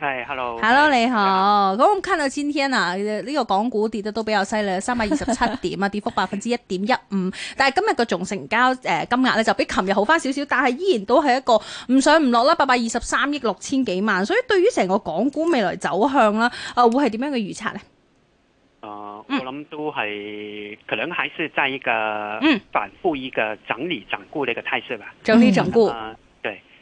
係，hello，hello，你好。咁我看到今天啊，呢、這個港股跌得都比較犀利，三百二十七點啊， 跌幅百分之一點一五。但係今日個總成交誒、呃、金額咧就比琴日好返少少，但係依然都係一個唔上唔落啦，八百二十三億六千幾萬。所以對於成個港股未來走向啦，啊，會係點樣嘅預測呢？誒、呃，我諗都係，可能還是在一個、嗯、反覆一個整理整固呢個態勢吧，整理整固。嗯嗯嗯。